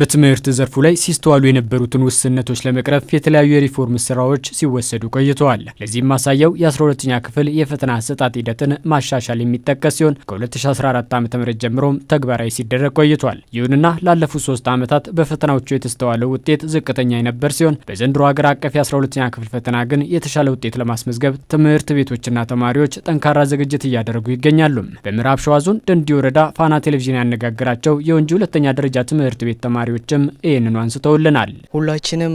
በትምህርት ዘርፉ ላይ ሲስተዋሉ የነበሩትን ውስንነቶች ለመቅረፍ የተለያዩ የሪፎርም ስራዎች ሲወሰዱ ቆይተዋል። ለዚህም ማሳያው የ12ኛ ክፍል የፈተና አሰጣጥ ሂደትን ማሻሻል የሚጠቀስ ሲሆን ከ2014 ዓ ም ጀምሮም ተግባራዊ ሲደረግ ቆይቷል። ይሁንና ላለፉት ሶስት ዓመታት በፈተናዎቹ የተስተዋለው ውጤት ዝቅተኛ የነበር ሲሆን በዘንድሮ ሀገር አቀፍ የ12ኛ ክፍል ፈተና ግን የተሻለ ውጤት ለማስመዝገብ ትምህርት ቤቶችና ተማሪዎች ጠንካራ ዝግጅት እያደረጉ ይገኛሉ። በምዕራብ ሸዋ ዞን ደንዲ ወረዳ ፋና ቴሌቪዥን ያነጋገራቸው የወንጂ ሁለተኛ ደረጃ ትምህርት ቤት ተማሪ ተማሪዎችም ይህንኑ አንስተውልናል። ሁላችንም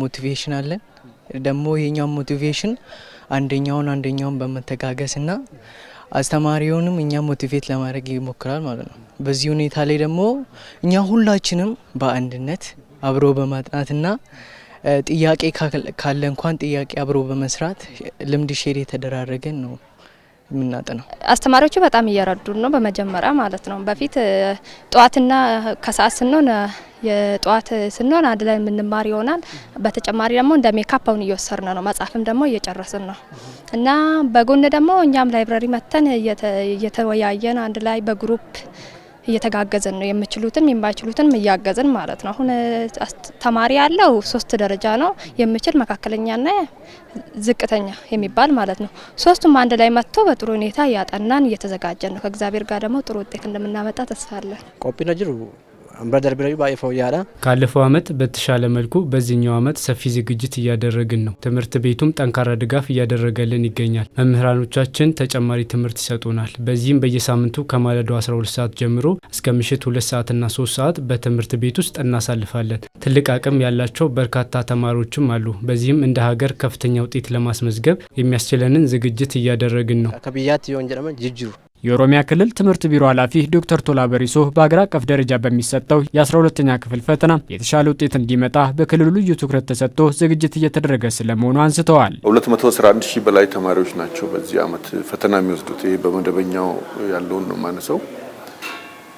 ሞቲቬሽን አለን። ደግሞ የኛው ሞቲቬሽን አንደኛውን አንደኛውን በመተጋገስ እና አስተማሪውንም እኛ ሞቲቬት ለማድረግ ይሞክራል ማለት ነው። በዚህ ሁኔታ ላይ ደግሞ እኛ ሁላችንም በአንድነት አብሮ በማጥናትና ጥያቄ ካለ እንኳን ጥያቄ አብሮ በመስራት ልምድ ሼር የተደራረገን ነው ነው። አስተማሪዎቹ በጣም እየረዱን ነው። በመጀመሪያ ማለት ነው በፊት ጠዋትና ከሰዓት ስንሆን የጠዋት ስንሆን አንድ ላይ የምንማር ይሆናል። በተጨማሪ ደግሞ እንደ ሜካፕ አሁን እየወሰድን ነው። መጽሐፍም ደግሞ እየጨረስን ነው እና በጎን ደግሞ እኛም ላይብረሪ መተን እየተወያየን አንድ ላይ በግሩፕ እየተጋገዘን ነው። የምችሉትን የማይችሉትን እያገዝን ማለት ነው። አሁን ተማሪ ያለው ሶስት ደረጃ ነው የምችል መካከለኛና ዝቅተኛ የሚባል ማለት ነው። ሶስቱም አንድ ላይ መጥቶ በጥሩ ሁኔታ እያጠናን እየተዘጋጀን ነው። ከእግዚአብሔር ጋር ደግሞ ጥሩ ውጤት እንደምናመጣ ተስፋ አለን። ቆጲ አምባሳደር ቢራዩ ባይፈው ያራ ካለፈው አመት በተሻለ መልኩ በዚህኛው አመት ሰፊ ዝግጅት እያደረግን ነው። ትምህርት ቤቱም ጠንካራ ድጋፍ እያደረገልን ይገኛል። መምህራኖቻችን ተጨማሪ ትምህርት ይሰጡናል። በዚህም በየሳምንቱ ከማለዳው 12 ሰዓት ጀምሮ እስከ ምሽት 2 ሰዓትና 3 ሰዓት በትምህርት ቤት ውስጥ እናሳልፋለን። ትልቅ አቅም ያላቸው በርካታ ተማሪዎችም አሉ። በዚህም እንደ ሀገር ከፍተኛ ውጤት ለማስመዝገብ የሚያስችለንን ዝግጅት እያደረግን ነው። ከብያት ሆን ጅጅሩ የኦሮሚያ ክልል ትምህርት ቢሮ ኃላፊ ዶክተር ቶላ በሪሶ በአገር አቀፍ ደረጃ በሚሰጠው የ12ኛ ክፍል ፈተና የተሻለ ውጤት እንዲመጣ በክልሉ ልዩ ትኩረት ተሰጥቶ ዝግጅት እየተደረገ ስለመሆኑ አንስተዋል። 211 ሺህ በላይ ተማሪዎች ናቸው በዚህ ዓመት ፈተና የሚወስዱት። ይሄ በመደበኛው ያለውን ነው ማነሰው።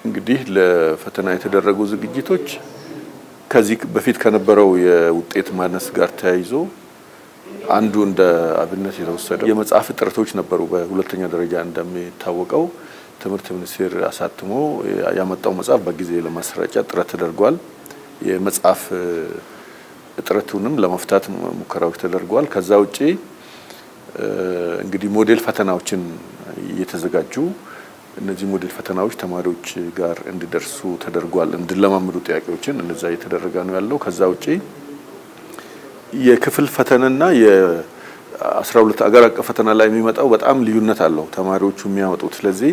እንግዲህ ለፈተና የተደረጉ ዝግጅቶች ከዚህ በፊት ከነበረው የውጤት ማነስ ጋር ተያይዞ አንዱ እንደ አብነት የተወሰደው የመጽሐፍ እጥረቶች ነበሩ። በሁለተኛ ደረጃ እንደሚታወቀው ትምህርት ሚኒስቴር አሳትሞ ያመጣው መጽሐፍ በጊዜ ለማሰራጨት ጥረት ተደርጓል። የመጽሐፍ እጥረቱንም ለመፍታት ሙከራዎች ተደርጓል። ከዛ ውጪ እንግዲህ ሞዴል ፈተናዎችን እየተዘጋጁ እነዚህ ሞዴል ፈተናዎች ተማሪዎች ጋር እንዲደርሱ ተደርጓል። እንዲለማመዱ ጥያቄዎችን እነዛ እየተደረገ ነው ያለው። ከዛ ውጪ የክፍል ፈተናና የ 12 አገር አቀፍ ፈተና ላይ የሚመጣው በጣም ልዩነት አለው ተማሪዎቹ የሚያመጡት። ስለዚህ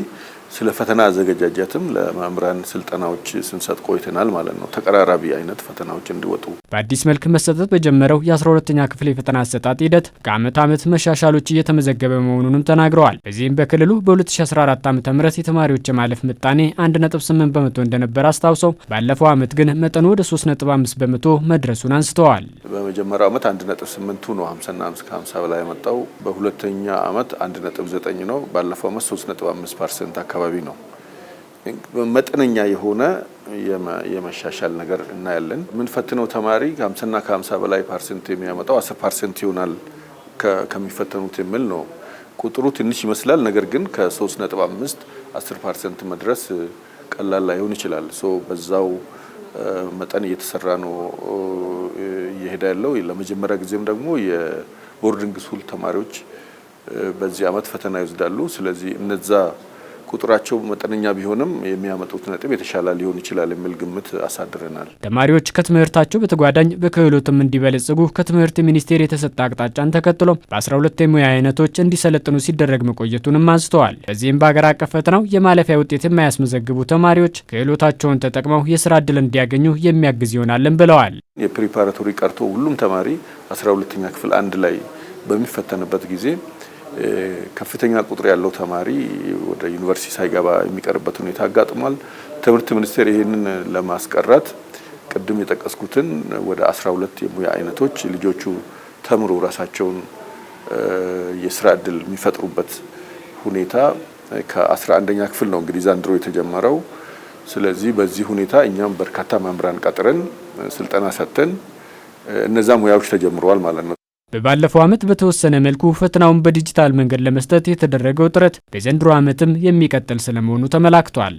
ስለ ፈተና አዘገጃጀትም ለመምህራን ስልጠናዎች ስንሰጥ ቆይተናል ማለት ነው። ተቀራራቢ አይነት ፈተናዎች እንዲወጡ በአዲስ መልክ መሰጠት በጀመረው የ12ተኛ ክፍል የፈተና አሰጣጥ ሂደት ከዓመት ዓመት መሻሻሎች እየተመዘገበ መሆኑንም ተናግረዋል። በዚህም በክልሉ በ2014 ዓ ም የተማሪዎች የማለፍ ምጣኔ 1.8 በመቶ እንደነበር አስታውሰው ባለፈው ዓመት ግን መጠኑ ወደ 3.5 በመቶ መድረሱን አንስተዋል። በመጀመሪያው ዓመት 1.8ቱ ነው 50ና 50 በላይ የመጣው በሁለተኛ ዓመት 1.9 ነው። ባለፈው ዓመት 3.5 ፐርሰንት አካባቢ አካባቢ ነው። መጠነኛ የሆነ የመሻሻል ነገር እናያለን። የምንፈትነው ተማሪ ከ50ና ከ50 በላይ ፐርሰንት የሚያመጣው 10 ፐርሰንት ይሆናል ከሚፈተኑት የሚል ነው። ቁጥሩ ትንሽ ይመስላል። ነገር ግን ከ 3 5 10 ፐርሰንት መድረስ ቀላል ላይሆን ይችላል። በዛው መጠን እየተሰራ ነው እየሄደ ያለው። ለመጀመሪያ ጊዜም ደግሞ የቦርዲንግ ስኩል ተማሪዎች በዚህ አመት ፈተና ይወስዳሉ። ስለዚህ እነዛ ቁጥራቸው መጠነኛ ቢሆንም የሚያመጡት ነጥብ የተሻለ ሊሆን ይችላል የሚል ግምት አሳድረናል። ተማሪዎች ከትምህርታቸው በተጓዳኝ በክህሎትም እንዲበለጽጉ ከትምህርት ሚኒስቴር የተሰጠ አቅጣጫን ተከትሎ በ12 የሙያ አይነቶች እንዲሰለጥኑ ሲደረግ መቆየቱንም አንስተዋል። በዚህም በሀገር አቀፍ ፈተናው የማለፊያ ውጤት የማያስመዘግቡ ተማሪዎች ክህሎታቸውን ተጠቅመው የስራ እድል እንዲያገኙ የሚያግዝ ይሆናልን ብለዋል። የፕሪፓራቶሪ ቀርቶ ሁሉም ተማሪ 12ኛ ክፍል አንድ ላይ በሚፈተንበት ጊዜ ከፍተኛ ቁጥር ያለው ተማሪ ወደ ዩኒቨርሲቲ ሳይገባ የሚቀርበት ሁኔታ አጋጥሟል። ትምህርት ሚኒስቴር ይህንን ለማስቀረት ቅድም የጠቀስኩትን ወደ 12 የሙያ አይነቶች ልጆቹ ተምሮ ራሳቸውን የስራ እድል የሚፈጥሩበት ሁኔታ ከ11ኛ ክፍል ነው እንግዲህ ዘንድሮ የተጀመረው። ስለዚህ በዚህ ሁኔታ እኛም በርካታ መምህራን ቀጥረን ስልጠና ሰጥተን እነዛ ሙያዎች ተጀምረዋል ማለት ነው። በባለፈው ዓመት በተወሰነ መልኩ ፈተናውን በዲጂታል መንገድ ለመስጠት የተደረገው ጥረት በዘንድሮ ዓመትም የሚቀጥል ስለመሆኑ ተመላክቷል።